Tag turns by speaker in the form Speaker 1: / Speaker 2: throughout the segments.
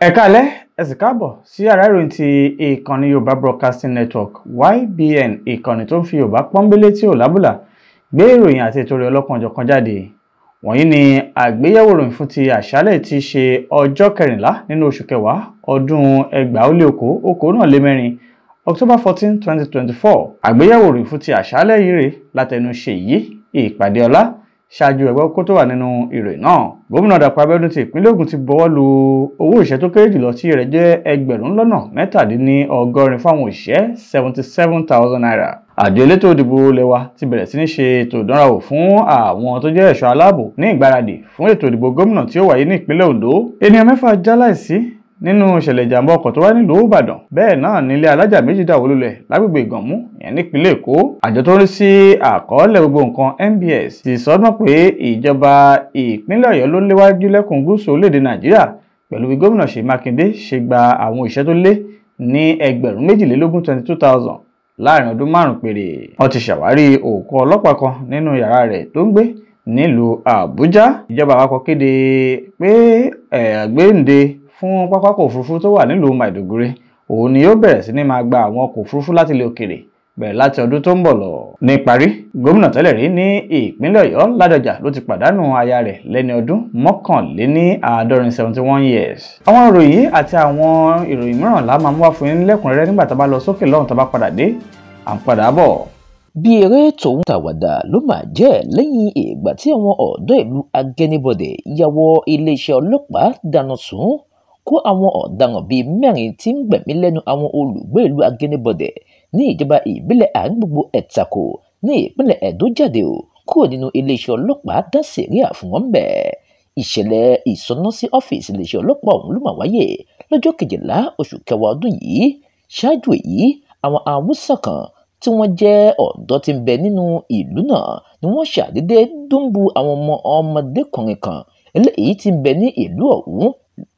Speaker 1: ẹ
Speaker 2: káalẹ́ ẹ sì káàbọ̀ sí yàrá ìròyìn ti ìkànnì yorùbá broadcasting network ybn ìkànnì tó ń fi yorùbá pọ́nbélé tí ò lábùlà gbé ìròyìn àti ètò rẹ̀ ọlọ́kanòjọ̀kan jáde wọ̀nyí ni àgbéyẹ̀wò ìròyìn fún ti àṣálẹ̀ ti ṣe ọjọ́ kẹrìnlá nínú oṣù kẹwàá ọdún ẹgbàá ó lé okòó okòó náà lé mẹ́rin october fourteen twenty twenty four àgbéyẹ̀wò ìròyìn fún ti àṣálẹ̀ yìí rè látẹnu Ṣèyí Ìpàdéọlá ṣáájú ẹgbẹ́ kó tó wà nínú ìròyìn náà gómìnà Dàpọ̀ Abẹ́òdún ti ìpínlẹ̀ Ògùn ti bọ́wọ́ lu owó ìṣẹ́ tó kéré jùlọ tí rẹ̀ jẹ́ ẹgbẹ̀rún lọ́nà mẹ́tàdínlọ́gọ́rin fáwọn òṣìṣẹ́ seventy seven thousand naira àjọ elétò òdìbò lẹwa ti bẹ̀rẹ̀ sí ní ṣe ètò ìdánrawò fún àwọn tó jẹ́ ẹ̀ṣọ́ aláàbò ní ìgbáradì fún ètò ìdìbò gómìnà tí ó wáyé ní ìpínlẹ̀ Ondo ènìyàn mẹ́fà jáláìsí nínú ìṣẹ̀lẹ̀ ìjàmbá ọkọ̀ tó wáyé nílùú ìbàdàn bẹ́ẹ̀ náà nílé alájà méjì dàwó lulẹ̀ lágbègbè ìgànmú ìyẹn nípínlẹ̀ èkó àjọ tó ń rí sí àkọọ́lẹ̀ gbogbo nǹkan NBS ti sọdún pé ìjọba ìpínlẹ̀ ọ̀yọ́ ló léwájú lẹ́kùn gúúsù orílẹ̀-èdè nàìjíríà pẹ̀lú bí gómìnà ṣèyí mákindé ṣe gba àwọn òṣìṣẹ́ tó lé ní ẹgbẹ̀rún méjìlélógún twenty two thousand láàrin ọdún márùn-ún péré wọ́n ti ṣàwárí òkú ọlọ́pàá kan nínú yàrá rẹ̀ tó ń gbé nílùú àbújá ìjọba fún pápákọ̀ òfurufú tó wà nílùú Maiduguri òun ni yóò bẹ̀rẹ̀ sí ní máa gba àwọn ọkọ̀ òfurufú láti ilẹ̀ òkèrè bẹ̀rẹ̀ láti ọdún tó ń bọ̀ lọ. ní parí gómìnà tẹ́lẹ̀ rí ní ìpínlẹ̀ Ọ̀yọ́ Ládọjà ló ti pàdánù aya rẹ̀ lẹ́ni ọdún mọ́kànléní àádọ́rin seventy one years. àwọn ìròyìn àti àwọn ìròyìn mìíràn la máa mú wá fún
Speaker 3: yín lẹ́kùnrẹ́rẹ́ nígbà tá a bá lọ sókè lọ́hùn tá a bá padà dé à ń padà bọ̀. bí eré tòun tàwàdà ló máa jẹ́ lẹ́yìn ìgbà tí àwọn ọ̀dọ́ ìlú Agẹnibọdè yà wọ iléeṣẹ́ ọlọ́pàá dáná sun kó àwọn ọ̀daràn bíi mẹ́rin tí ń gbẹ̀mí lẹ́nu àwọn olùgbé ìlú Agénébọdè ní ìjọba ìbílẹ̀ àgbègbè Ẹ̀tàkó ní ìpínlẹ̀ Ẹ̀dó jáde o kúrò nínú iléeṣẹ́ ọlọ́pàá dá sẹ̀ríà fún wọn bẹ́ẹ̀ ìṣẹ̀lẹ̀ ìsọná sí ọ́fíìsì iléeṣẹ́ ọlọ́pàá ọ̀hún ló mà wáyé lọ́jọ́ kejìlá oṣù kẹwàá ọdún yìí ṣáájú èyí àwọn Haúsá kan tí wọ́n jẹ́ ọ̀dọ́ tí ń bẹ nínú ìlú náà ni wọ́n ṣàdédé dúnbu àwọn ọmọ ọmọdékùnrin kan eléyìí tí ń bẹ ní ìlú ọ̀hún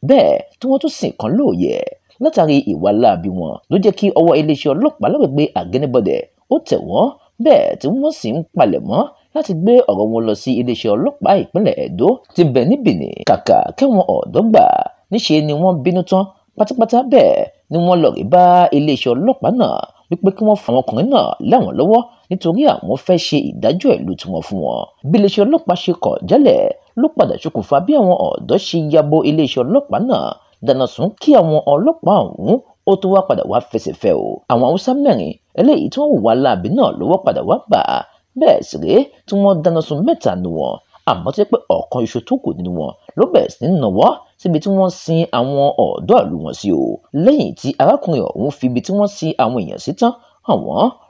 Speaker 3: bẹ́ẹ̀ tí wọ́n tún sìn kan lóòyẹ̀ látàrí ìwà láabi wọn ló jẹ́ kí ọwọ́ iléeṣẹ́ ọlọ́pàá lágbègbè àgẹ́nibọ̀dẹ̀ ó tẹ̀ wọ́n bẹ́ẹ̀ tí wọ́n sì ń palẹ̀mọ́ láti gbé ọ̀rọ̀ wọn lọ sí iléeṣẹ́ ọlọ́pàá ìpínlẹ̀ Ẹdó ti bẹ̀ ní Benin kàkà kẹ́wọn ọ̀dọ́ gbà níṣe ni wọ́n bínú tán pátápátá bẹ́ẹ̀ ni wọ́n lọ rí bá iléeṣẹ́ ọlọ́pàá náà wípé kí wọ́n fa àwọn ọkùnrin náà lẹ́wọ̀n lọ́wọ́ nítorí àwọn fẹ́ ṣe ìdájọ́ ìlú tiwọn fún wọn. bí iléeṣẹ́ ọlọ́pàá ṣe kọ̀ jálẹ̀ ló padà ṣokùnfà bí àwọn ọ̀dọ́ ṣe yabo iléeṣẹ́ ọlọ́pàá náà dáná sun kí àwọn ọlọ́pàá ọ̀hún ó tó wá padà wá fẹsẹ̀ fẹ́ o. àwọn haúsá mẹ́rin eléyìí tí wọ́n wà láàbí náà lọ́wọ́ padà wá bà á bẹ́ẹ̀ sì rèé tí wọ́n dáná sun mẹ́ta nù wọn àmọ́ tó yẹ pé ọ̀kan iṣu tó kù nínú wọn ló bẹ̀rẹ̀ sí nàwọ́ síbi tí wọ́n sin àwọn ọ̀dọ́ ìlú wọn sí o lẹ́yìn tí arákùnrin ọ̀hún fi ibi tí wọ́n sin àwọn èèyàn sí tán àwọn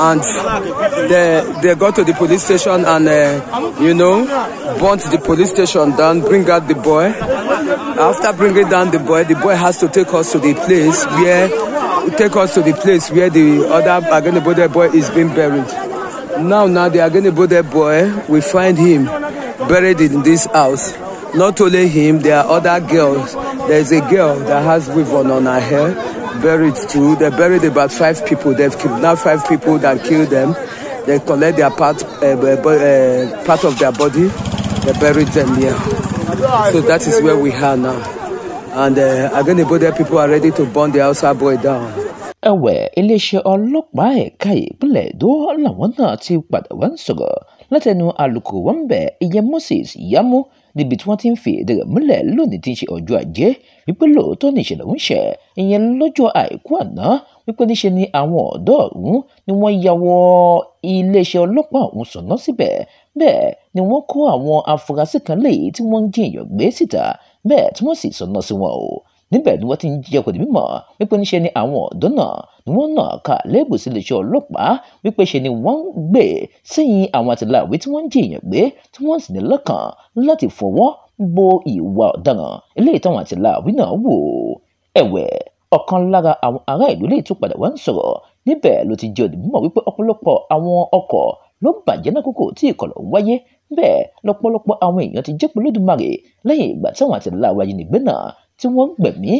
Speaker 1: and they they got to the police station and uh, you know burnt the police station down bring out the boy after bringing down the boy the boy has to take us to the place where take us to the place where the other agenebode boy is being buried now now the agenebode boy we find him buried in this house not only him there are other girls there is a girl that has weave on her hair buried too. They buried about five people. They've kidnapped five people that killed them. They collect their part, uh, uh, uh, part of their body. They buried them here.
Speaker 3: So that is where
Speaker 1: we are now. And uh, Agenibode people are ready to burn the outside boy down.
Speaker 3: ẹ̀wẹ̀ iléeṣẹ́ ọlọ́pàá ẹ̀ka ìpínlẹ̀ èdò làwọn náà ti padà wá ń sọ̀rọ̀ látẹnu àlùkò wọn bẹ̀ ìyẹn Moses Yamu níbi tí wọ́n ti ń fi èdè rẹ̀ múlẹ̀ lónìí ti ń ṣe ọjọ́ ajé wípé lóòótọ́ ni ìṣẹ̀lẹ̀ ń ṣẹ̀ ìyẹn lọ́jọ́ àìkú àná wípé níṣe ni àwọn ọ̀dọ́ ọ̀hún ni wọ́n ya wọ iléeṣẹ́ ọlọ́pàá ọ̀hún sọ̀nà síbẹ̀ bẹ́ẹ̀ ni wọ́n kó àwọn afurasí kan léyìí tí wọ́n ń jiyàn gbé síta bẹ́ẹ̀ tí wọ́n sì sọ̀nà sí wọn o níbẹ̀ ni wọ́n ti ń jẹ́ kò di mímọ̀ wípé níṣe ni àwọn ọ̀dọ́ náà ni wọ́n náà kà lẹ́bù iléeṣẹ́ ọlọ́pàá wípé ṣe ni wọ́n ń gbé sẹ́yìn àwọn àtìláwí tí wọ́n ń jiyàn gbé tí wọ́n sì ní lọ́kàn láti fọwọ́ bo ìwà ọ̀daràn eléyìí táwọn àtìláwí náà wò ẹ̀wẹ̀ ọ̀kan lára àwọn ará ìlú lè tún padà wá ń sọ̀rọ̀ níbẹ̀ ló ti jẹ́ òdìmọ̀ wípé ọ̀pọ̀lọpọ̀ àwọn ọkọ̀ ló bàjẹ́ lákòókò tí ìkọlọ̀ ń wáyé bẹ́ẹ̀ lọ́pọ̀lọpọ̀ àwọn èèyàn ti jẹ́pọ̀ lódùmarè lẹ́yìn ìgbà táwọn àtìláwí ajínigbé náà tí wọ́n gbẹ̀mí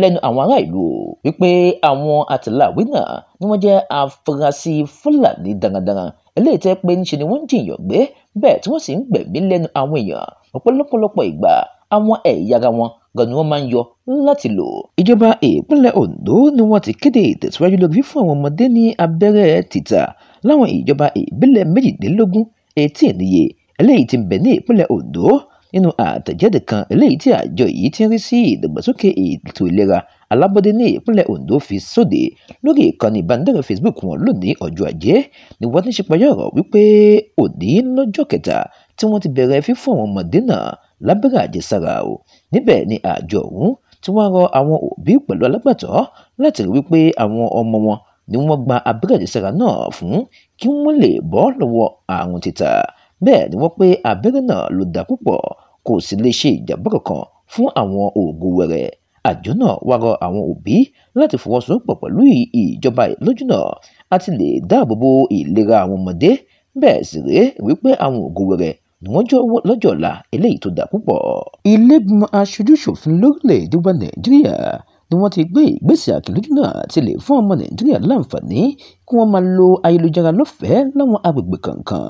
Speaker 3: lẹ́nu àwọn ará ìlú wípé àwọn àtìláwí náà ni wọ́n jẹ́ afurasí fúlàní darandaran eléyìí tẹ́ pé níṣe ni wọ́n ń jiyàn gbé bẹ́ẹ̀ tí wọ́n sì ń gbẹ̀mí lẹ́nu àwọn èèyàn ọ̀pọ̀lọpọ̀lọpọ̀ ìgbà àwọn ẹ̀yà ara wọn gan ni wọ́n máa ń yọ láti lò. ìjọba ìpínlẹ̀ Ondo ni wọ́n ti kéde ìtẹ̀síwájú lórí fífún àwọn ọmọdé ní abẹ́rẹ́ tìta láwọn ìjọba ìbílẹ̀ méjìdínlógún etí ìníye eléyìí tí ń ní ìpínlẹ̀ Ondo nínú àtẹ̀jáde kan eléyìí tí àjọ yìí ti ń rí sí ìdàgbàsókè ètò ìlera alábọ́dé ní ìpínlẹ̀ Ondo fi sóde lórí ìkànnì ìbánidọ́rẹ̀ẹ́ Facebook wọn lónìí ọjọ́ ajé ni wọ́n ti ṣe payọ́rọ̀ wípé òní lọ́jọ́ kẹta tí wọ́n ti bẹ̀rẹ̀ fífún àwọn ọmọdé náà lábẹ́rẹ́ àjẹsára o níbẹ̀ ni àjọ ọ̀hún tí wọ́n rọ àwọn òbí pẹ̀lú alágbàtọ́ láti rí wípé àwọn ọmọ wọn ni wọ́n gba abẹ́rẹ́ àjẹsára náà fún kí wọ́n lè bọ́ lọ́wọ́ àrùn títà bẹ́ẹ̀ ni wọ́n pé abẹ́rẹ́ náà ló dá púpọ̀ kò sì lè ṣe ìjàmbá kankan fún àwọn oògùn wẹ̀rẹ̀ àjọ náà wá rọ àwọn òbí láti fọwọ́sowọ́pọ̀ pẹ̀lú ìjọba ìlójúnà àti lè dáàbò bo ìlera àwọn ọmọdé bẹ́ẹ̀ sì rèé wípé àwọn oògùn wẹ̀rẹ̀ ni wọ́n jọ lọ́jọ́ ọ̀la eléyìí tó dà púpọ̀. ilégbìmọ̀ aṣojúṣòfin lórílẹ̀‐èdè wa nàìjíríà ni wọ́n ti gbé ìgbésẹ̀ àkìlójúnà ti lè fún ọmọ nàìjíríà láǹfààní kí wọ́n máa lo ayélujára lọ́fẹ̀ẹ́ láwọn agbègbè kọ̀ọ̀kan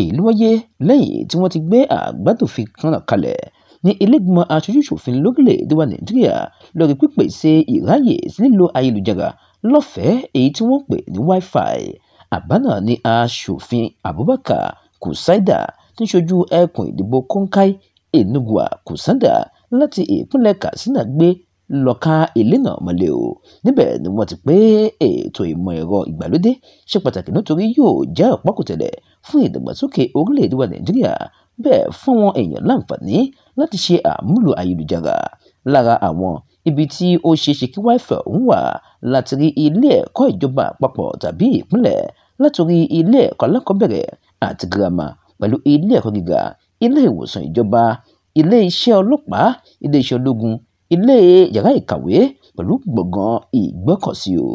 Speaker 3: èyí ló wáyé lẹ́yìn tí wọ́n ti gbé àgbàdòfin kan kalẹ̀ ní ilégbèmọ̀ aṣojúṣòfin lórílẹ̀‐èdè wa nàìjíríà lórí pípèsè ìráyè sí lílo ayélujára lọ́fẹ̀ẹ́ èyí tí wọ́n pè ní wi-fi àbá náà ni aṣòfin abubakar kùsáìdà tí ń ṣojú ẹkùn ìdìbò kọ́ńkáì enugu kùsáìdà láti ìpínlẹ̀ katsina gbé lọ́ka ilé náà mọ́lẹ̀ o níbẹ̀ ni wọ́n ti pé ètò ìmọ̀ ẹ̀rọ ìgbàlódé ṣe pàtàkì nítorí yóò jẹ́ ọ̀pọ̀kùtẹ̀lẹ̀ fún ìdàgbàsókè orílẹ̀-èdè wa nàìjíríà bẹ́ẹ̀ fún àwọn èèyàn láǹfààní láti ṣe àmúlò ayélujára lára àwọn ibi tí ó ṣeé ṣe kí wáífà òun wà láti rí ilé ẹ̀kọ́ ìjọba àpapọ̀ tàbí ìpínlẹ̀ látòrí ilé ẹ̀kọ́ alákọ̀ọ́bẹ̀rẹ̀ ilé yàrá ìkàwé pẹ̀lú gbọ̀ngàn ìgbọ́kọ̀sí o.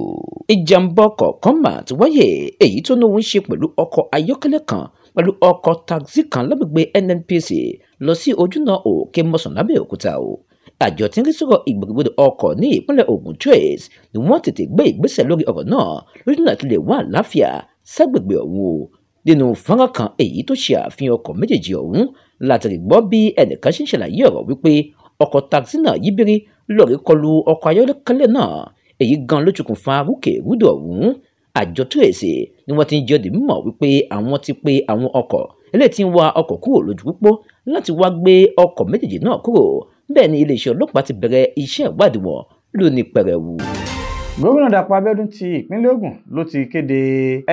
Speaker 3: ìjàmbá ọkọ̀ kan mà ti wáyé èyí tó lóun ṣe pẹ̀lú ọkọ̀ ayọ́kẹ́lẹ́ kan pẹ̀lú ọkọ̀ taxi kan lágbègbè NNPC lọ sí ojúnà òkè mọ́sán lábẹ́òkúta o àjọ tí ń rí sọ̀rọ̀ ìgbòkègbodò ọkọ̀ ní ìpínlẹ̀ Ògùn trace ni wọ́n tètè gbé ìgbésẹ̀ lórí ọ̀rọ̀ náà lójúnà tó lè wà láfíà ságbègbè ọ̀hún o nínú fọ́nrán kan èyí tó ṣe àfihàn ọkọ̀ méjèèjì ọ̀hún láti rí gbọ́ bí ẹnìkan ṣe ń ṣàlàyé ọ̀rọ̀ wípé ọkọ̀ taxi náà yí biri lọ́ọ̀rì kọlu ọkọ̀ ayọ́kẹ́lẹ́ náà èyí gan ló ṣokùnfà rúkèrúdò ọ̀hún àjọ tírèsì ni wọ́n ti ń jẹ́ ọdún mọ̀ wípé àwọn ti pe àwọn ọkọ̀ eléyìí ti ń wa ọkọ̀ kúrò lójú púpọ̀ láti wá gbé ọkọ̀ méjèèjì náà kúrò bẹ́ẹ̀ ni iléeṣẹ́ ọlọ́pàá ti bẹ̀rẹ̀ iṣẹ́ ìwádìí wọn lóní pẹrẹwu.
Speaker 2: gómìnà Dàpọ̀ Abíọ́dún
Speaker 3: ti ìpínlẹ̀ Ògùn ló ti kéde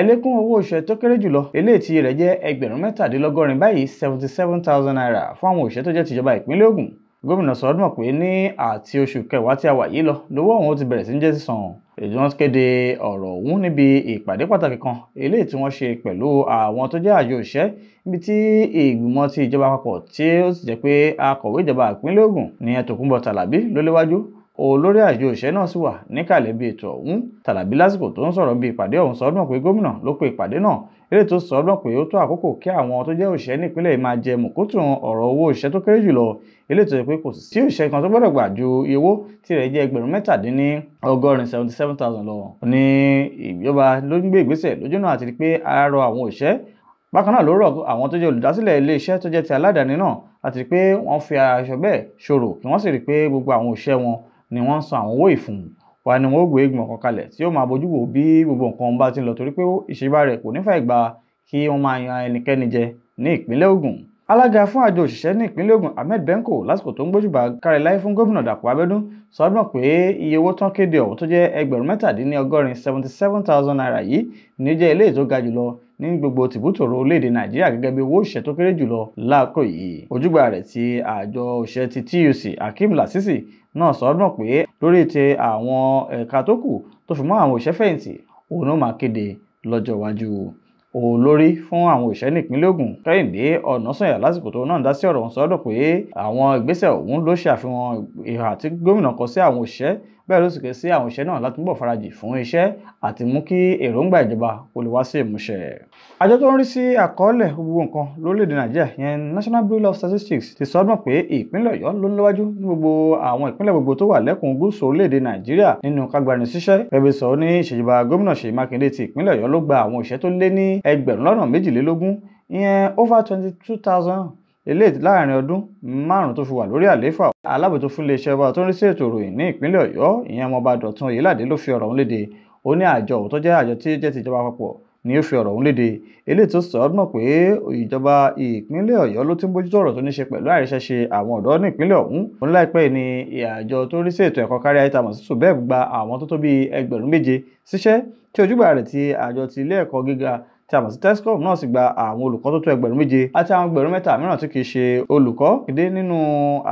Speaker 2: ẹlẹ́kùn owó oṣù tó kéré jùlọ eléyìí tí rẹ̀ jẹ́ ẹgbẹ̀rún mẹ́tàdínlọ́gọ́rin báyìí seventy seven thousand naira fún àwọn òṣìṣẹ́ tó jẹ́ gómìnà sọdúnmọ̀ pé ní àti oṣù kẹwàá tí a wà yìí lọ lówó ọ̀hún ti bẹ̀rẹ̀ sí ń jẹ́ sísan èyí wọ́n kéde ọ̀rọ̀ ọ̀hún níbi ìpàdé pàtàkì kan eléyìí tí wọ́n ṣe pẹ̀lú àwọn tó jẹ́ àjọ òṣẹ́ níbi tí ìgbìmọ̀ ti ìjọba àpapọ̀ tí ó sì jẹ́ pé akọ̀wé ìjọba ìpínlẹ̀ Ògùn ní Tòkunbọ̀ Tàlàbí ló olórí àjọ òṣìṣẹ́ náà sì wà níkàlẹ̀ bí ètò ọ̀hún tàlàbí lásìkò tó ń sọ̀rọ̀ bí ìpàdé ọ̀hún sọ́dún pé gómìnà ló pe ìpàdé náà eré tó sọ́dún pé ó tó àkókò kí àwọn tó jẹ́ òṣìṣẹ́ nípínlẹ̀ máa jẹ mùkútù ọ̀rọ̀ owó òṣìṣẹ́ tó kéré jùlọ eré tó yẹ pé kò sí òṣìṣẹ́ kan tó gbọ́dọ̀ gbà ju owó tirẹ̀ jẹ́ ẹgbẹ̀rún mẹ́tàdínní ọgọ́rin seventy seven thousand lọ ní ìjọba ló ń gbé ìgbésẹ̀ lójúnà àti pé arọ àwọn òṣìṣẹ́ bákan náà ló rọ àwọn tó jẹ́ olùdásílẹ̀ iléeṣẹ́ tó jẹ́ ti aládàáni náà àti pé wọ́n fi aṣọ bẹ́ẹ̀ ṣòro kí wọ́n sì rí i pé gbogbo àwọn òṣìṣẹ́ wọn ni wọ́n ń san àwọn owó ìfún wa ni wọ́n ó gbé ìgbìmọ̀ kan kalẹ̀ tí yóò máa bójú wò bí gbogbo nǹkan bá ti lọ torí pé ìṣèjọba rẹ̀ kò nífẹ̀ẹ́ gba kí wọ́n máa yan ẹnikẹ́ni jẹ ní ìpínlẹ̀ Ògùn alága fún àjọ òṣìṣẹ́ ní ìpínlẹ̀ Ògùn Ahmed Benko lásìkò tó ń gbójúbà káríláyé fún gómìnà Dàpọ̀ Abẹ́dún sọdún pé iye owó tán kéde ọ̀hún tó jẹ́ ẹgbẹ̀rún mẹ́tàdínlọ́gọ́rin seventy seven thousand naira yìí ní jẹ́ eléyìí tó ga jùlọ ní gbogbo tìbútòrò orílẹ̀-èdè Nàìjíríà gẹ́gẹ́ bí owó òṣìṣẹ́ tó kéré jùlọ náà sọ́dún pé lórí ti àwọn ẹ̀ka tó kù tó fi mọ́ àwọn òṣèfẹ̀yìntì òun ló máa kéde lọ́jọ́ iwájú olórí fún àwọn òṣìṣẹ́ nípínlẹ̀ Ògùn Kẹ́hìndé Ọ̀nàsànyà lásìkò tó náà dá sí ọ̀rọ̀ ọ̀hún sọ́dọ̀ pé àwọn ìgbésẹ̀ ọ̀hún ló ṣàfihàn ìhà tí gómìnà kọ sí àwọn òṣìṣẹ́ bẹ́ẹ̀ ló sì ké sí àwọn òṣìṣẹ́ náà láti túbọ̀ farajì fún iṣẹ́ àti mú kí èròǹgbà ìjọba kó lè wá sí ìmúṣẹ. àjọ tó ń rí sí àkọọ́lẹ̀ gbogbo nǹkan lórílẹ̀‐èdè nàìjíríà ìyẹn National Bureau of Statistics ti sọ ọ́dún pé ìpínlẹ̀ ọ̀yọ́ ló ń lọ́wájú ní gbogbo àwọn ìpínlẹ̀ gbogbo tó wà lẹ́kùn gúúsù orílẹ̀‐èdè nàìjíríà nínú kágbani síṣẹ́ bẹ́ẹ̀ bí sọ ní ìṣèjọba gómìnà Ṣèyí Mákindé ti ìpínlẹ̀ ọ̀yọ́ ló gba àwọn òṣìṣẹ́ tó lé ní ẹgbẹ̀rún lọ́nà over twenty two thousand eléyìí láàrin ọdún márùn tó fi wà lórí àlééfà alábòtó fún iléeṣẹ́ ọba tó ń rí sí ètò ìròyìn ní ìpínlẹ̀ Ọ̀yọ́ ìyẹn ọmọọba Dọ̀tun Oyèládé ló fi ọ̀rọ̀ ọ̀hún léde ó ní àjọ tó jẹ́ àjọ tí jẹ́ tìjọba àpapọ̀ ni ó fi ọ̀rọ̀ ọ̀hún léde eléyìí tó sọ ọ́ náà pé ìjọba ìpínlẹ̀ Ọ̀yọ́ ló ti ń bójútó ọ̀rọ̀ tó ní ṣe pẹ̀lú àríṣẹ́ṣe àwọn ọ̀dọ́ ní ìpínlẹ̀ ọ̀hún ó ní ni àjọ tó rí sí ètò ẹ̀kọ́ kárí ayé tamọ̀ sísù bẹ́ẹ̀ gba àwọn tó tó bíi ẹgbẹ̀rún méje síṣẹ́ tí ojúbà rẹ̀ ti àjọ ti ilé ẹ̀kọ́ gíga tí a mọ̀ sí tescom náà sì gba àwọn olùkọ́ tó tó ẹgbẹ̀rún méje àti àwọn ẹgbẹ̀rún mẹ́ta mìíràn tí kìí ṣe olùkọ́ kéde nínú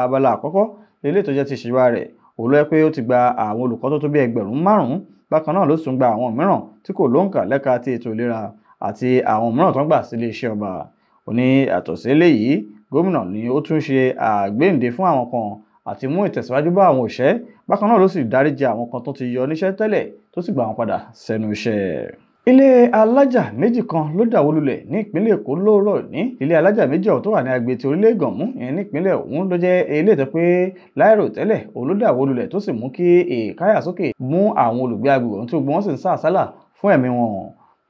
Speaker 2: abala àkọ́kọ́ lélẹ́ tó jẹ́ ti ìṣèjọba rẹ̀ òun ló yẹ pé ó ti gba àwọn olùkọ́ tó tó bí ẹgbẹ̀rún márùn-ún bákan náà ló sì tún gba àwọn mìíràn tí kò lóǹkà lẹ́ka ti ètò ìlera àti àwọn mìíràn tó ń gbà sílé iṣẹ́ ọba ó àtọ̀sí eléyìí gómìnà ni ó tún ṣe àgbéǹde fún àwọn kan àti mú ìtẹ̀síwájú bá àwọn òṣẹ́ bákan náà ló sì dáríjì àwọn kan tó ti yọ níṣẹ́ tẹ́lẹ̀ tó sì gbà wọn padà sẹ́nu iṣẹ́ ilé alájà méjì kan ló dàwó lulẹ̀ ní ìpínlẹ̀ èkó lóòrọ̀ ní ilé alájà méjì ọ̀hún tó wà ní agbètì orílẹ̀ ìgànmú ìyẹn ní ìpínlẹ̀ ọ̀hún ló jẹ́ ilé tó pé láìrò tẹ́lẹ̀ òun ló dàwó lulẹ̀ tó sì mú kí èèkáyàsókè mú àwọn olùgbé agbègbè ọ̀hún tó gbọ́n wọ́n sì ń sá àsálà fún ẹ̀mí wọn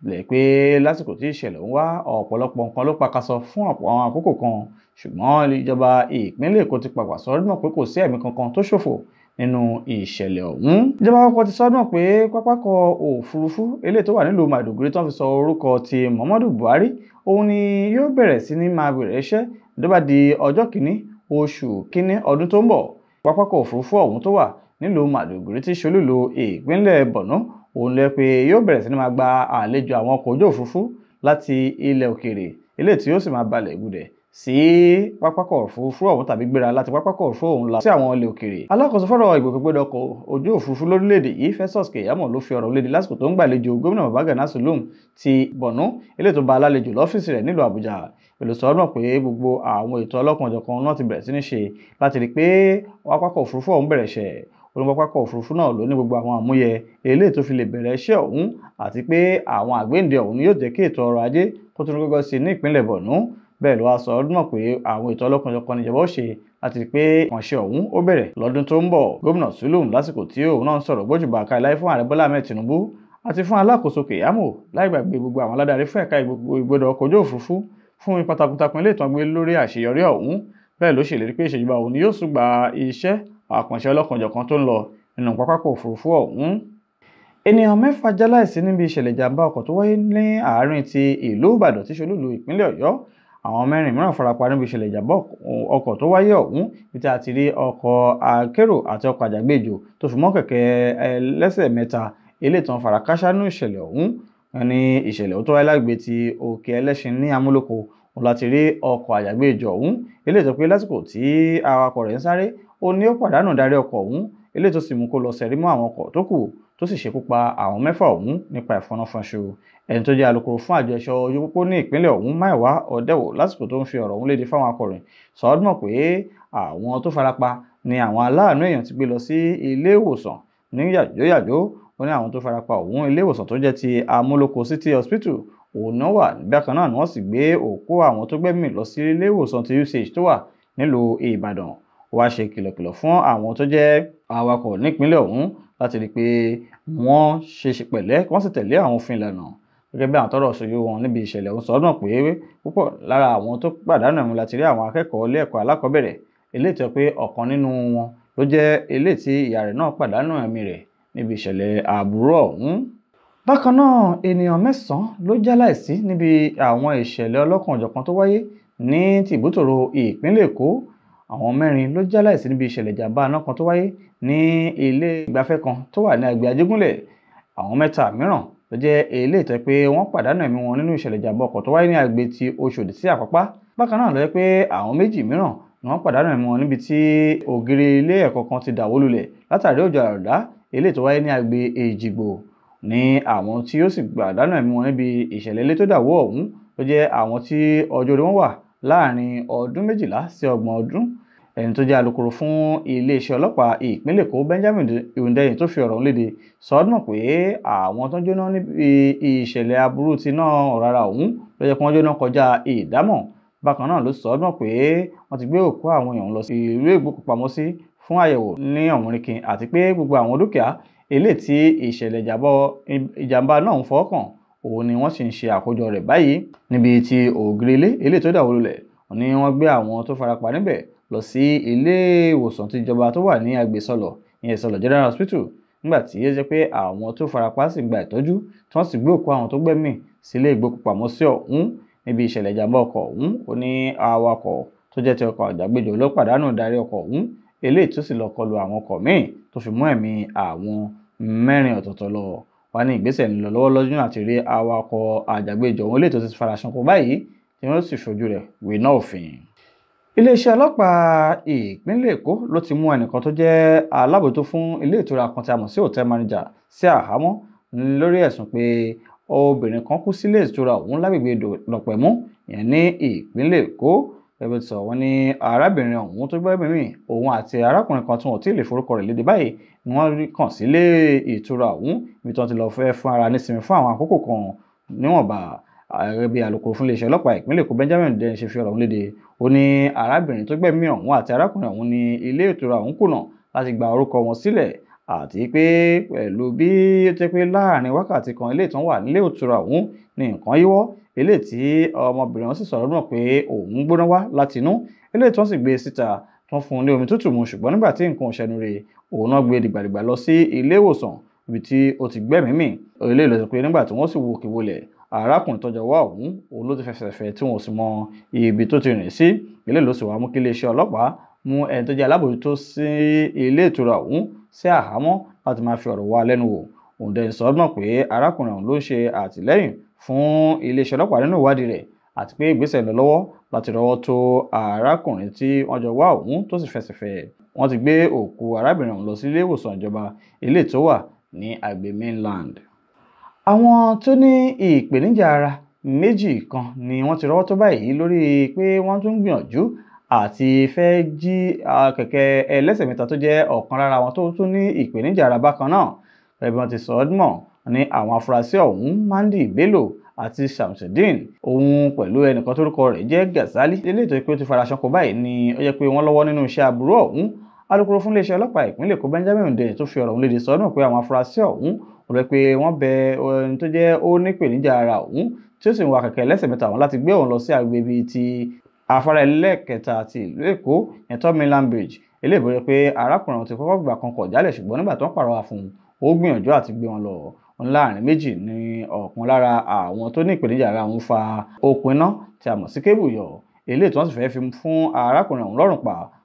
Speaker 2: lè pé lásìkò tí ìṣẹ̀lẹ̀ ń wá ọ̀pọ̀lọpọ̀ nǹkan ló pakasọ fún ọ̀pọ̀ àwọn àkókò kan ṣùgbọ́n ìjọba ìpínlẹ̀ èkó ti pàpà sọ ọdún náà pé kò sí ẹ̀mí kankan tó ṣòfò nínú ìṣẹ̀lẹ̀ ọ̀hún. ìjọba àpapọ̀ ti sọdún pé pápákọ̀ òfurufú eléyìí tó wà nílùú Maiduguri tó ń fi sọ orúkọ ti Muhammadu Buhari òun ni yóò bẹ̀rẹ̀ sí ní máa bẹ̀rẹ̀ iṣẹ́ tó di ọjọ́ kìíní oṣù kìíní ọdún tó ń bọ̀ pápákọ̀ òfurufú ọ̀hún tó wà nílùú Maiduguri tí ṣolúlu ìpínlẹ̀ Borno òun lẹ pé yóò bẹ̀rẹ̀ sí ní máa gba àlejò àwọn ọkọ̀ ojú òfurufú láti ilẹ̀ òkèèrè eléyìí tí yóò sì máa balẹ̀ gudẹ̀ sí pápákọ̀ òfurufú ọ̀hún tàbí gbéra láti pápákọ̀ òfurufú ọ̀hún la sí àwọn ilẹ̀ òkèrè. alákòóso fọ́rọ̀ ìgbòkègbodò ojú òfurufú lórílẹ̀‐èdè yìí Festus Keyamo ló fi ọ̀rọ̀ léde lásìkò tó ń gbàlejò gómìnà Babagana Zulum ti Borno eléyìí tó bá alálejò lọ́fíìsì rẹ̀ nílùú Àbújá pẹ̀lú sọ pé gbogbo àwọn ètò ọlọ́kan ò òfurufú náà ló ní gbogbo àwọn àmúyẹ eléyìí tó fi lè bẹ̀rẹ̀ iṣẹ́ ọ̀hún àti pé àwọn àgbéǹde ọ̀hún yóò jẹ́ kí ètò ọrọ̀ ajé kó tún gbọ́gbọ́ sí ní ìpínlẹ̀ Borno bẹ́ẹ̀ ló wá sọ ọdún náà pé àwọn ètò ọlọ́kanjọkan níjọba ó ṣe láti rí pé ìkànṣe ọ̀hún ó bẹ̀rẹ̀ lọ́dún tó ń bọ̀ gómìnà Zulum lásìkò tí òun náà ń sọ̀rọ̀ gbójúbà káìláì fún ààrẹ Bọ́lá Ahmed Tinubu àti fún alákòóso Kèyámò láì gbàgbé gbogbo àwọn aládarí fún ẹ̀ka ìgbòdò ọkọ̀ ojú òfurufú fún ipa takuntakun ilé ìtàn gbé lórí àṣeyọrí ọ̀hún bẹ́ẹ̀ ló ṣèlérí pé ìṣèjọba òun ni yóò ṣùgbà iṣẹ́ àkànṣe ọlọ́kanjọ̀kan tó ń lọ nínú pápákọ̀ òfurufú ọ̀hún. ènìyàn mẹ́fà já níbi ìṣẹ̀lẹ̀ ìjàmbá ọkọ̀ tó wáyé ní àárín ti ìlú Ìbàdàn tí ṣolúlu ìpínlẹ̀ Ọ̀yọ́ àwọn mẹ́rin mìíràn farapa níbi ìṣẹ̀lẹ̀ ìjàmbá ọkọ̀ tó wáyé ọ̀hún bíi tí a ti rí ọkọ̀ akérò àti ọkọ̀ àjàgbéjò tó fi mọ́ kẹ̀kẹ́ ẹlẹ́sẹ̀ mẹ́ta eléyìí tó ń farakásá ní ìṣẹ̀lẹ̀ ọ̀hún ní ìṣẹ̀lẹ̀ tó wáyé lágbègbè ti òkè ẹlẹ́ṣin ní amúlòkó òun láti rí ọkọ̀ àjàgbéjò ọ̀hún eléyìí tó pé lásìkò tí awakọ̀ rẹ̀ ń sáré ó ní ó pàdánù darí ọkọ̀ ọ̀hún tó sì ṣekú pa àwọn mẹ́fà ọ̀hún nípa ìfọnáfọnṣu ẹni tó jẹ́ alukoro fún àjọ ẹ̀ṣọ́ ojú pópó ní ìpínlẹ̀ ọ̀hún Máìwá Ọ̀dẹ́wò lásìkò tó ń fi ọ̀rọ̀ ọ̀hún léde fáwọn akọ̀ròyìn sọ ọ́ dùn pé àwọn tó farapa ni àwọn aláàánú èèyàn ti gbé lọ sí ilé ìwòsàn ní yàjóyàjó ó ní àwọn tó farapa ọ̀hún ilé ìwòsàn tó jẹ́ ti Amúlòkó City Hospital òun náà wà bákan náà ni wọ́n sì gbé òkú àwọn tó gbẹ́mìí lọ sí ilé ìwòsàn ti UCH tó wà nílùú Ìbàdàn wá ṣe kìlọ̀kìlọ̀ fún àwọn tó jẹ́ awakọ̀ nípínlẹ̀ ọ̀hún láti rí i pé wọ́n ṣe ṣe pẹ̀lẹ́ wọ́n sì tẹ̀lé àwọn òfin ìlànà gẹ́gẹ́ bí àwọn tọ́rọ̀ ṣojú wọn níbi ìṣẹ̀lẹ̀ ọ̀hún sọ náà pé púpọ̀ lára àwọn tó pàdánù ẹ̀mú láti rí àwọn akẹ́kọ̀ọ́ ilé ẹ̀kọ́ alákọ̀ọ́bẹ̀rẹ̀ eléyìí tó pé ọ̀kan nínú wọn ló jẹ́ eléyìí tí ìyá rẹ̀ náà pàdánù ẹ̀mí rẹ̀ níbi ìṣẹ̀lẹ̀ àbúrò ọ̀hún. bákan àwọn mẹ́rin ló jáláìsí níbi ìṣẹ̀lẹ̀ ìjàmbá iná kan tó wáyé ní ilé ìgbafẹ́ kan tó wà ní agbègbè Ajégúnlẹ̀ àwọn mẹ́ta mìíràn ló jẹ́ ilé pé wọ́n pàdánù ẹ̀mí wọn nínú ìṣẹ̀lẹ̀ ìjàmbá ọkọ̀ tó wáyé ní agbègbè ti Oṣòdì sí Àpápá bákan náà ló jẹ́ pé àwọn méjì mìíràn ni wọ́n pàdánù ẹ̀mí wọn níbi tí ògiri ilé ẹ̀kọ́ kan ti dàwó lulẹ̀ látàrí òjò àròdá ilé tó wáyé ní agbègbè Èjìgbò ní àwọn tí ó sì pàdánù ẹ̀mí wọn níbi ìṣẹ̀lẹ̀ ilé tó dàwó ọ̀hún ló jẹ́ àwọn tí ọjọ́ orí wọn wà láàrin ọdún méjìlá sí ọgbọ̀n ọdún ẹni tó jẹ́ alukoro fún iléeṣẹ́ ọlọ́pàá ìpínlẹ̀ èkó benjamin hundeyin tó fi ọ̀rọ̀ léde sọ ọ́ dùn pé àwọn tó ń jóná níbi ìṣẹ̀lẹ̀ aburú ti náà ọ̀rara ọ̀hún ló jẹ́ kí wọ́n jóná kọjá ìdámọ̀ bákan náà ló sọ ọ́ dùn pé wọ́n ti gbé òkú àwọn èèyàn lọ sí ìlú ìgbókùpamọ́sí fún àyẹ̀wò ní ọ̀mùrìnkìn àti pé gbogbo àwọn dúkìá eléyìí tí ìṣẹ̀lẹ̀ ìjàmbá náà ń fọwọ́ òun ni wọ́n sì ń ṣe àkójọ rẹ̀ báyìí níbi tí ògiri ilé eléyìí tó dàwó lulẹ̀ ni wọ́n gbé àwọn tó farapa níbẹ̀ lọ sí ilé ìwòsàn tìjọba tó wà ní agbèsọlọ ìyẹn ìsọlọ general hospital nígbà tí ó jẹ́ pé àwọn tó farapa sì gba ìtọ́jú tí wọ́n sì gbé òkú àwọn tó gbẹ́mì sílé ìgbókùpamọ́sí ọ̀hún níbi ìṣẹ̀lẹ̀ ìjàmbá ọkọ̀ ọ̀hún ó ní awakọ̀ tó jẹ́ ti ọkọ̀ àjàgbéjò ló pàdánù darí ọkọ̀ ọ̀hún eléyìí tó sì lọ kọlu àwọn ọkọ̀ míì tó fi mú ẹ̀mí àwọn mẹ́rin ọ̀tọ̀ọ̀tọ̀ lọ wà ní ìgbésẹ̀ ńlọ lọ́wọ́ lọ́jọ́ àti rí awakọ̀ àjàgbéjò ọ̀hún eléyìí tó ti faraṣan báyìí tí wọ́n sì ṣojú rẹ̀ wé òfin iléeṣẹ́ ọlọ́pàá ìpínlẹ̀ èkó ló ti mú ẹnìkan tó jẹ́ alábòójútó fún ilé ìtura kan tí a mọ̀ sí hotel manager sí àhámọ́ lórí ẹ̀sùn pé obìnrin kan kú sílé ìtura ọ̀hún lágbègbè lọ̀pẹ̀mú ìyẹn ní ìpínlẹ̀ èkó ẹbí sọ wọn ní arábìnrin ọ̀hún tó gbẹ́mìí mì òun àti arákùnrin kan tí wọn ò lè forúkọ rẹ̀ léde báyìí ni wọ́n rí kàn sílé ìtura ọ̀hún ibi tí wọ́n ti lọ fẹ́ fún ara nísinmi fún àwọn àkókò kan níwọ̀nba ààrẹ bíi alukoro fún iléeṣẹ́ ọlọ́pàá ìpínlẹ̀ Èkó Benjamin Hundeyin ṣe fi ọ̀rọ̀ ọ̀hún léde ó ní arábìnrin tó gbẹ̀mí ọ̀hún àti arákùnrin ọ̀hún ní ilé ìtura ọ̀hún kùnà láti gba orúkọ wọn sílẹ̀ àti pé pẹ̀lú bí ó jẹ́ pé láàrin wákàtí kan ilé ìtàn wà nílé ìtura ọ̀hún ní nǹkan yíwọ́ ilé tí ọmọbìnrin ọ̀hún sì sọ̀rọ̀ náà pé òun gbóná wá láti inú ilé tí wọ́n sì gbé e síta wọ́n fún un ní omi tútù mu ṣùgbọ́n nígbà tí nǹkan ṣẹnu rẹ̀ òun náà gbé e dìgbàdìgbà lọ sí ilé ìwòsàn ibi tí ó ti gbẹ́mìí mì ilé ìlọsọ pé nígbà tí wọ́n sì wo òkè wọlẹ̀ arákùnrin tọjọ wà ọ̀hún òun ló ti fẹsẹ̀ fẹ̀ tí wọn ò sì mọ ibi tó ti rìn sí eléyìí ló sì wá mú kí iléeṣẹ́ ọlọ́pàá mú ẹni tó jẹ́ alábòjútó sí ilé ìtura ọ̀hún sí àhámọ́ láti máa fi ọ̀rọ̀ wá lẹ́nu wò òǹdẹ̀yìn sọ mọ̀ pé arákùnrin ọ̀hún ló ń ṣe àtìlẹ́yìn fún iléeṣẹ́ ọlọ́pàá nínú ìwádìí rẹ̀ àti pé ìgbésẹ̀ lọ lọ́wọ́ láti rọwọ́ tó arákùnrin tí wọ́n jọ wá ọ̀hún tó sì fẹsẹ̀ fẹ̀ ti gbé òkú arábìnrin ọ̀hún lọ sí ilé ìwòsàn ìjọba ilé tó ní agbè mainland. Àwọn tó ní ìpèníjà ara méjì kan ni wọ́n ti rọ́wọ́ tó báyìí lórí pé wọ́n tún gbìyànjú àti fẹ́ jí kẹ̀kẹ́ ẹlẹ́sẹ̀ mẹ́ta tó jẹ́ ọ̀kan lára àwọn tó tún ní ìpèníjà ara bákan náà pẹ̀lú bí ti sọ ọ́ mọ̀ ní àwọn afurasí ọ̀hún Mandi Bello àti Shamsuddin òun pẹ̀lú ẹnìkan tórúkọ rẹ̀ jẹ́ Gazali eléyìí tó ti fara ṣanko báyìí ni ó jẹ́ pé wọ́n lọ́wọ́ nínú iṣẹ́ aburú ọ̀hún alūkkóró fún iléeṣẹ́ ọlọ́pàá ìpínlẹ̀ Èkó Benjamin Hundeyin tó fi ọ̀rọ̀ òun léde sọ́dún pé àwọn afurasí ọ̀hún rẹ pé wọ́n bẹ ẹni tó jẹ́ ó nípèníjà ara òun tí ó sì ń wa kẹ̀kẹ́ lẹ́sẹ̀ mẹ́ta àwọn láti gbé òun lọ sí agbègbè ti afárá ẹlẹ́kẹta ti ìlú Èkó ẹ̀tọ́ mainland bridge eléyìí bọ̀rẹ̀ pé arákùnrin ti kọ́kọ́ gbà kan kọ̀ jálẹ̀ ṣùgbọ́n nígbà tó ń pàrọwà ni ọ̀kan lára àwọn tó ní ìpèníjà ara òun fa okùn iná tí a mọ̀ sí kébù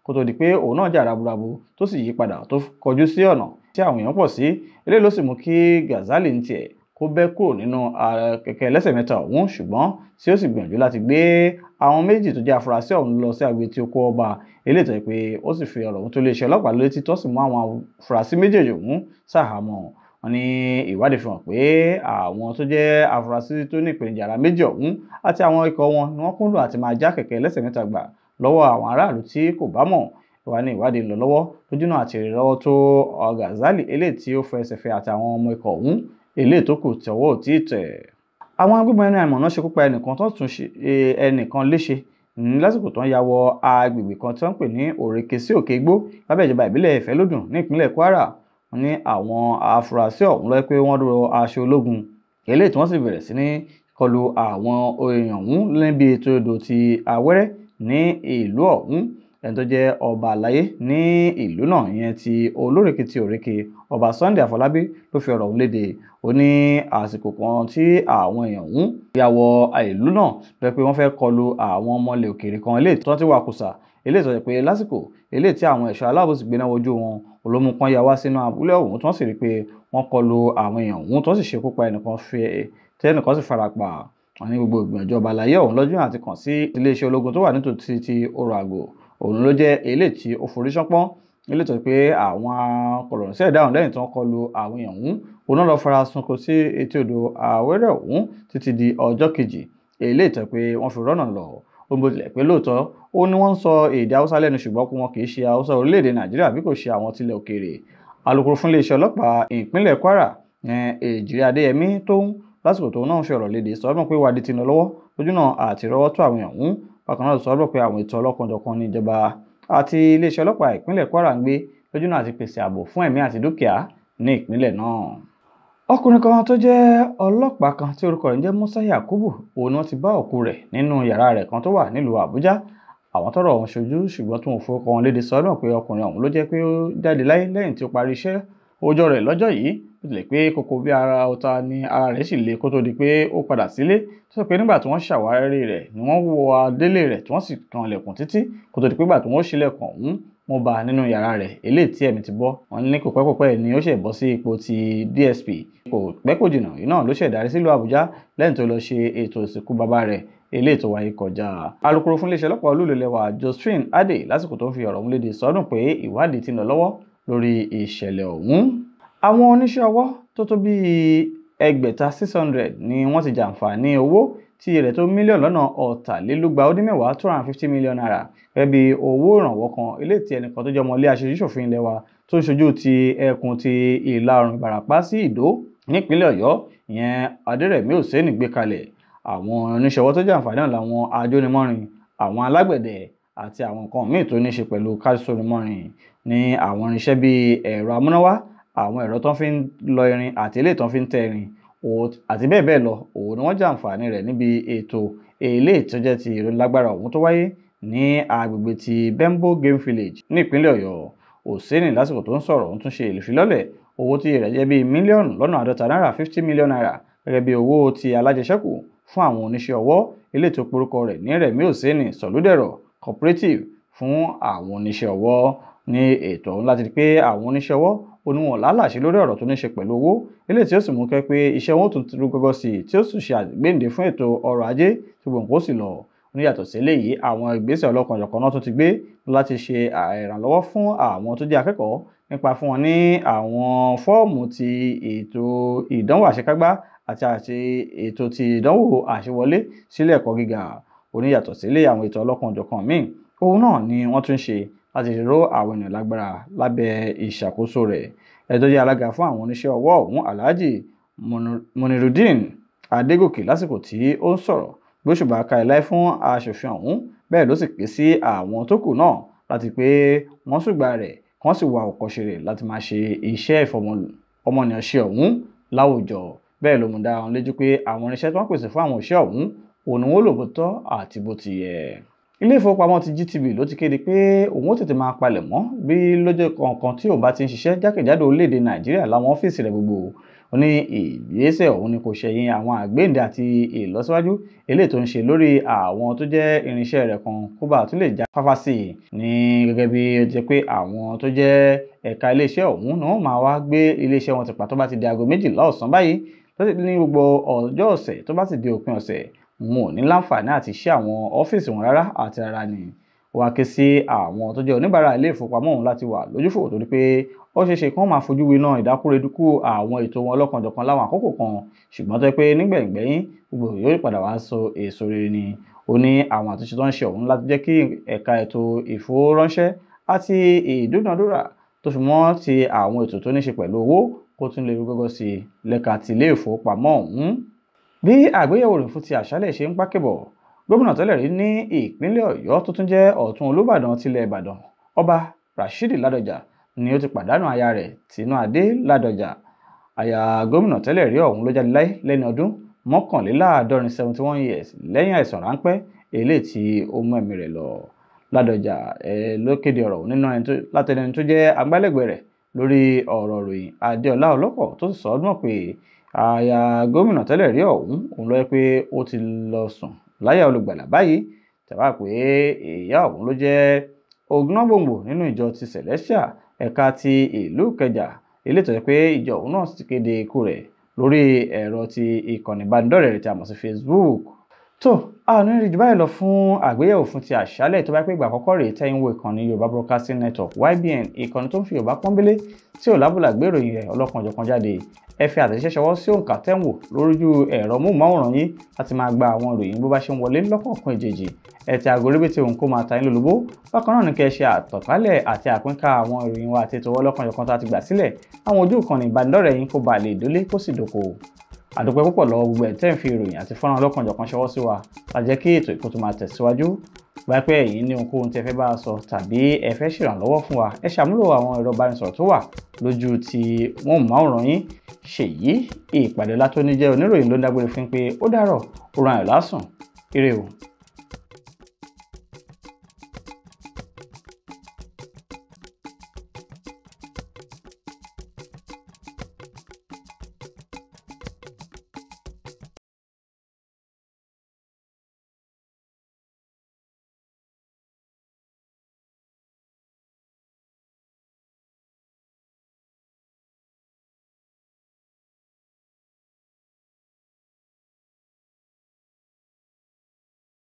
Speaker 2: kó tó di pé òun náà jà raburabu tó sì yí padà tó kọjú sí ọ̀nà tí àwọn èèyàn pọ̀ sí eléyìí ló sì mú kí Ghazali ń tiẹ̀ kó bẹ́ kúrò nínú kẹ̀kẹ́ ẹlẹ́sẹ̀ mẹ́ta ọ̀hún ṣùgbọ́n tí ó sì gbìyànjú láti gbé àwọn méjì tó jẹ́ afurasí ọ̀hún lọ sí agbe tí ó kó ọba eléyìí tó yẹ pé ó sì fi ọ̀rọ̀ ohun tó iléeṣẹ́ ọlọ́pàá létí tó sì mú àwọn afurasí méjèèjì ọ̀hún ṣàhámọ́ wọn ní ìwádìí fi hàn pé àwọn tó jẹ́ afurasí tó ní ìpèníjà ara méjì ọ̀hún àti àwọn ikọ̀ wọn ni wọ́n kúndùn àti máa já kẹ̀kẹ́ ẹlẹ́sẹ̀ mẹ́ta gbà lọ́wọ́ àwọn aráàlú tí kò bá mọ̀ wà ní ìwádìí lọ lọ́wọ́ lójúnà àti ìrìnlọ́wọ́ tó Ghazali eléyìí tí ó fẹsẹ̀ fẹ́ àtàwọn ọmọ ikọ̀ ọ̀hún eléyìí tó kù tọwọ́ ò tí ì tẹ̀. àwọn agbébọn ẹni àìmọ̀ná ṣekú pa ẹnìkan tó tún ṣe e, ẹnìkan léṣe lásìkò tó ń ya wọ agbègbè kan tó ń pè ní òrèké sí òkè igbó lábẹ́ ìjọba ìbílẹ̀ ìfẹ́lódùn ní ìpínlẹ̀ Kwara ní àwọn afurasí ọ̀hún lọ pé wọ́n dúró aṣọ ológun eléyìí tí wọ́n sì bẹ̀rẹ̀ sí ní kọlù àwọn èèyàn ọ̀hún níbi ètò ìdò ti Awẹ́rẹ́ ní ìlú ọ̀hún ẹni tó jẹ́ ọba àlàyé ní ìlú náà ìyẹn ti olórèké ti ọba Sunday Àfọlábí ló fi ọ̀rọ̀ ọ̀hún léde ó ní àsìkò kan tí àwọn èèyàn ọ̀hún ya wọ ìlú náà lọ pé wọ́n fẹ́ kọlu àwọn ọmọ ilẹ̀ òkèèrè kan eléyìí tí wọ́n ti wà kùsà eléyìí tó jẹ́ pé lásìkò eléyìí tí àwọn ẹ̀ṣọ́ aláàbò sì gbéná wojú wọn olómú kan ya wá sínú abúlé ọ̀hún tí wọ́n sì rí pé wọ́n kọlu àwọn èèyàn ọ̀hún tí wọ́n sì ṣekú pa ẹnìkan fi tẹ́nìkan sì farapa wọn ní gbogbo ìgbìyànjú ọba àlàyé ọ̀hún lọ́jọ́ àti kàn sí iléeṣẹ́ ológun tó wà nítòsí ti ọrọ̀ àgò òun ló jẹ́ eléyìí tí ó forí ṣánpọ́n nílé tó pé àwọn kọ̀lọ̀rọ̀sẹ́ ẹ̀dá ọ̀hún lẹ́yìn tí wọ́n kọlu àwọn èèyàn ọ̀hún òun náà lọ fara sunko sí etí odò àwẹ́rẹ́ ọ̀hún títí di ọjọ́ kejì eléyìí tó pé wọ́n fi rọ́nà lọ ó bó tilẹ̀ pé lóòótọ́ ó ní wọ́n ń sọ èdè haúsá lẹ́nu ṣùgbọ́n wọn kì í ṣe haúsá orílẹ̀-èdè nàìjíríà bí kò ṣe àwọn tilẹ̀ òkèèrè alukoro fún iléeṣẹ́ ọlọ́pàá ìpínlẹ̀ kwara èjì adéyẹmí tó ń lásìkò tó náà ṣe ọ̀rọ̀ léde sọ́dọ̀ pé wádìí ti lọ lọ́wọ́ lójúnà àti rọ́wọ́ tó àwọn èèyàn bákan náà sọ́dọ̀ pé àwọn ètò ọlọ́kanjọ̀kan ní ìjọba àti iléeṣẹ́ ọlọ́pàá ìpínlẹ̀ Kwara ń gbé lójúnà àti pèsè ààbò fún ẹ̀mí àti dúkìá ní ìpínlẹ̀ náà. ọkùnrin kan tó jẹ́ ọlọ́pàá kan tí orúkọ rẹ̀ ń jẹ́ Musa Yakubu òun ni wọ́n ti bá òkú rẹ̀ nínú yàrá rẹ̀ kan tó wà nílùú Àbújá àwọn tọ́rọ̀ ọ̀hún ṣojú ṣùgbọ́n tí wọn fọwọ́ kan léde sọ́dọ̀ pé ọkùnrin ọ̀hún ló jẹ́ pé ó jáde láyé lẹ́yìn tí ó tilẹ̀ pé kókó bí ara ọ̀tá ni ara rẹ̀ sì le kó tó di pé ó padà sílé tó sọ pé nígbà tí wọ́n ṣàwárí rẹ̀ ni wọ́n wọ adélé rẹ̀ tí wọ́n sì kan ilẹ̀kùn títí kó tó di pé ìgbà tí wọ́n ṣílẹ̀kùn ọ̀hún wọ́n bá nínú yàrá rẹ̀ eléyìí tí ẹ̀mí ti bọ́ wọn ní kò pẹ́kọ̀pẹ́ ni ó ṣẹ̀ bọ́ sí ipò ti DSP kò pẹ́ kò jìnnà iná ló ṣẹ̀ darí sílùú Àbújá lẹ́yìn tó lọ ṣe ètò ìsìnkú bàbá rẹ̀ eléyìí tó wáyé kọjá. alukoro fún iléeṣẹ́ ọlọ́pàá olúlélẹ̀ wa Josephine Adé lásìkò tó ń fi ọ̀rọ̀ ọ̀hún léde sọdún pé ìwádìí ti ń lọ lọ́wọ́ lórí ìṣẹ̀lẹ̀ ọ̀hún àwọn oníṣẹ́ ọwọ́ tó tó bíi ẹgbẹ̀ta six hundred ni wọ́n ti jàǹfààní owó tí rẹ̀ tó mílíọ̀nù lọ́nà ọ̀tàlélúgba ó dín mẹ́wàá two hundred and fifty million naira gẹ́gẹ́ bí owó ìrànwọ́ kan eléyìí tí ẹnìkan tó jẹ́ ọmọlé aṣojú-ṣòfin ilé wa tó ń ṣojú ti ẹkùn ti ìlà oòrùn ìbàràpá sí ìdó nípínlẹ̀ ọ̀yọ́ ìyẹn adẹ́rẹ̀mí hussein gbé kalẹ̀ àwọn oníṣòwò tó jàǹfààní náà làwọn ajónimọ́rin àwọn alágbẹ̀dẹ àti àwọn nǹkan míì tó ní ṣe pẹ̀lú káṣíṣorímọ́rin ní àwọn irinṣẹ́ bíi ẹ̀rọ amúnáwá àwọn ẹ̀rọ tó fi ń lọ irin àti eléyìí tó fi ń tẹ irin àti bẹ́ẹ̀ bẹ́ẹ̀ lọ òun ni wọ́n jàǹfààní rẹ̀ níbi ètò eléyìí tó ti ìrónilágbára ọ̀hún tó wáyé ní agbègbè ti Bembo Game Village ní Ọ̀yọ́ Oseni lásìkò tó ń sọ̀rọ̀ òun tún ṣe ìfilọ́lẹ̀ owó tí rẹ̀ jẹ́ bíi mílíọ̀nù lọ́nà àádọ́ta náírà fifty million naira gẹ́gẹ́ bí owó ti alájẹṣẹ́kù fún àwọn oníṣẹ́ ọwọ́ eléyìí tó porúkọ rẹ̀ ní Rẹ̀mí Oseni Sọ̀lúdẹ̀rọ̀ cooperative fún àwọn oníṣẹ́ ọwọ́ ní ètò ọ̀hún láti rí pé àwọn oníṣẹ́ ọwọ́ oníwọ̀n lálàṣe lórí ọ̀rọ̀ tó ní ṣe pẹ̀lú owó eléyìí tí ó sì mú kẹ́ pé iṣẹ́ wọn tún rú gọ́gọ́ sí i tí ó sì ṣe àgbéǹde fún ètò ọrọ̀ ajé tí gbòǹkó sì lọ oníyàtọ̀ sí eléyìí àwọn ìgbésẹ̀ ọlọ́kanjọ̀kan náà tún ti gbé láti ṣe ìrànlọ́wọ́ fún àwọn tó jẹ́ akẹ́kọ̀ọ́ nípa fún wọn ní àwọn fọ́ọ̀mù ti ètò ìdánwò àṣekágbá àti àti ètò ti ìdánwò àṣewọlé sílé ẹ̀kọ́ gíga oníyàtọ̀ sí àwọn ètò ọlọ́kanjọ̀kan míì òun náà ni wọ́n tún ṣe láti ró àwọn ènìyàn lágbára lábẹ́ ìṣàkóso rẹ̀ ẹni tó jẹ́ alága fún àwọn oníṣẹ́ ọwọ́ ọ̀hún alhaji munirudeen adégòkè lásìkò tí ó ń sọ̀rọ̀ bí ó ṣùgbọ́n aka ẹ̀láì fún aṣòfin ọ̀hún bẹ́ẹ̀ ló sì ké sí àwọn tó kù náà láti pé wọ́n ṣùgbà rẹ̀ wọ́n sì wà òkọ́ṣe rẹ̀ láti máa ṣe iṣẹ́ ìfọmọnìyàn ṣe ọ̀hún láwùjọ bẹ́ẹ̀ ló mú dá wọn lójú pé àwọn irinṣẹ́ tí wọ́n pèsè fún àwọn òṣìṣẹ́ ọ̀hún òun ni wọ́n lò bó tọ́ àti bó ti yẹ ilé ìfowópamọ́ ti GTB ló ti kéde pé òun ó tètè máa palẹ̀ mọ́ bí lọ́jọ́ kọ̀ọ̀kan tí ò bá ti ń ṣiṣẹ́ jákèjádò orílẹ̀-èdè Nàìjíríà láwọn ọ́fíìsì rẹ̀ gbogbo ó ní ìgbésẹ̀ òun ni kò ṣẹ̀yìn àwọn àgbéǹde àti ìlọsíwájú eléyìí tó ń ṣe lórí àwọn tó jẹ́ irinṣẹ́ rẹ̀ kan kó bá tún lè já fáfá ní gẹ́gẹ́ bí ó jẹ́ pé àwọn tó jẹ́ ẹ̀ka iléeṣẹ́ ọ̀hún ni wọ́n máa wá gbé iléeṣẹ́ wọn tìpa tó bá ti di aago méjìlá ọ̀sán báyìí ní gbogbo ọjọ́ ọ̀sẹ̀ tó bá sì di òpin ọ̀sẹ̀ mo, ò ní láǹfààní àti ṣí àwọn ọ́fíìsì wọn rárá àti rárá ni wọ́n á ké sí àwọn tó jẹ́ oníbàárà ilé ìfowópamọ́ ọ̀hún láti wà lójúfò torí pé ó ṣeé ṣe kí wọ́n máa fojú winá ìdákúrekú àwọn ètò wọn lọ́kànjọ̀kan láwọn àkókò kan ṣùgbọ́n tó yẹ pé nígbẹ̀yìngbẹ̀yìn gbogbo yóò padà wá so èso rere ni ó ní àwọn àtúnṣe tó ń ṣe ọ̀hún láti jẹ́ kí ẹ̀ka ètò ìfowóránṣẹ́ àti ìdúnadúrà tó fi mọ́ ti àwọn ètò tó ní ṣe pẹ̀lú owó kó tún lè rú gọ́gọ́ sí i lẹ́ka tilé ìfowópamọ́ ọ̀hún bí àgbéyẹ̀wò ròyìn fún ti àṣálẹ́ ṣe ń pákẹ́bọ̀ gómìnà tẹ́lẹ̀ rí ní ìpínlẹ̀ ọ̀yọ́ tó tún jẹ́ ọ̀tún olúbàdàn tilẹ̀ ìbàdàn ọba rashidi ládọjà ni ó ti pàdánù aya rẹ̀ tinú adé ládọjà aya gómìnà tẹ́lẹ̀ rí ọ̀hún ló jáde láyé lẹ́ni ọdún mọ́kànléláàádọ́rin seventy one years lẹ́yìn àìsàn ráńpẹ́ èlé tí ó mú ẹ̀mí rẹ̀ lọ ládọjà ẹ ló kéde ọ̀rọ̀ nínú látẹni tó jẹ́ agbálẹ̀gbẹ̀ lórí ọ̀rọ̀ ròyìn adéọlá ọlọ́pọ̀ tó sọ ọdún pé aya gómìnà tẹ́lẹ̀ rí ọ̀hún òun ló yẹ pé ó ti lọ sùn láyà olùgbàlà báyìí tẹ̀wá pé ìyá ọ̀hún ló jẹ́ ògúnnágbòǹgbò nínú ìjọ ti celestia ẹ̀ka ti ìlú Ìkẹjà ilé yẹ pé ìjọ òun náà ti kéde ikú rẹ̀ lórí ẹ̀rọ ti ìkànnì ìbánidọ́rẹ̀ẹ́ rẹ̀ tí a sí Facebook tó a ò ní rí jù báyìí lọ fún àgbéyẹ̀wò fún ti àṣálẹ̀ tó bá pé ìgbà àkọ́kọ́ rèé tẹ́ wo ìkànnì Yorùbá Broadcasting Network YBN ìkànnì tó ń fi Yorùbá pọ́nbélé tí ò lábùlà gbèrò yẹn ọlọ́kan ọ̀jọ̀kan jáde ẹ fi àtẹ̀jíṣẹ́ ṣọwọ́ sí òǹkà tẹ́ ń wò lóríjú ẹ̀rọ móhùnmáwòrán yín láti máa gba àwọn ìròyìn bó bá ṣe ń wọlé lọ́kọ̀ọ̀kan ìjèjì ẹ̀tẹ̀ àgọ́ rébètè òun kó máa ta yín lólobó bákan náà ní kẹ́ ẹ ṣe àtọ̀kálẹ̀ àti àpínká àwọn ìròyìn wa àti ètò ọlọ́kan tá a ti gbà sílẹ̀ àwọn ojú ìkànnì ìbánidọ́rẹ̀ẹ́ yín kó ba lè dólé kó sì dóko àdúpẹ́ púpọ̀ lọ́wọ́ gbogbo ẹ̀ tẹ́ ń fi ìròyìn àti fọ́nrán ọlọ́kanjọ̀kan ṣọwọ́ sí wa àjẹ́ kí ètò ìkó tó máa tẹ̀síwájú bá pẹ́ ẹ̀yin ní ohunkóhun tí ẹ fẹ́ bá a sọ tàbí ẹ fẹ́ ṣèrànlọ́wọ́ fún wa ẹ ṣàmúlò àwọn ẹ̀rọ ìbánisọ̀rọ̀ tó wà lójú ti wọ́n mú àwòrán yín ṣèyí ìpàdé látó ní jẹ́ oníròyìn ló ń dágbére fún pé ó dàrọ̀ òun àyọ̀ lásùn ire o.